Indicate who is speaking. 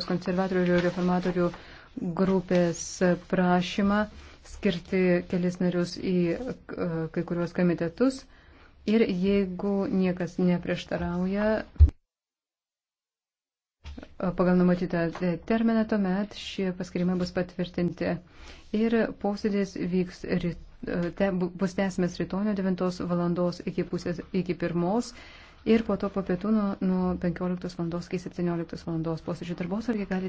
Speaker 1: konservatorių ir reformatorių grupės prašymą skirti kelis narius į e, kai kuriuos komitetus. Ir jeigu niekas neprieštarauja e, pagal numatytą terminą, tuomet šie paskirimai bus patvirtinti. Ir posėdis vyks ryt, e, te, bus tęsimas rytonio 9 valandos iki pusės iki pirmos. Ir po to po pietų nuo, nuo 15 val. iki 17 val. posėdžio darbos,
Speaker 2: argi galite.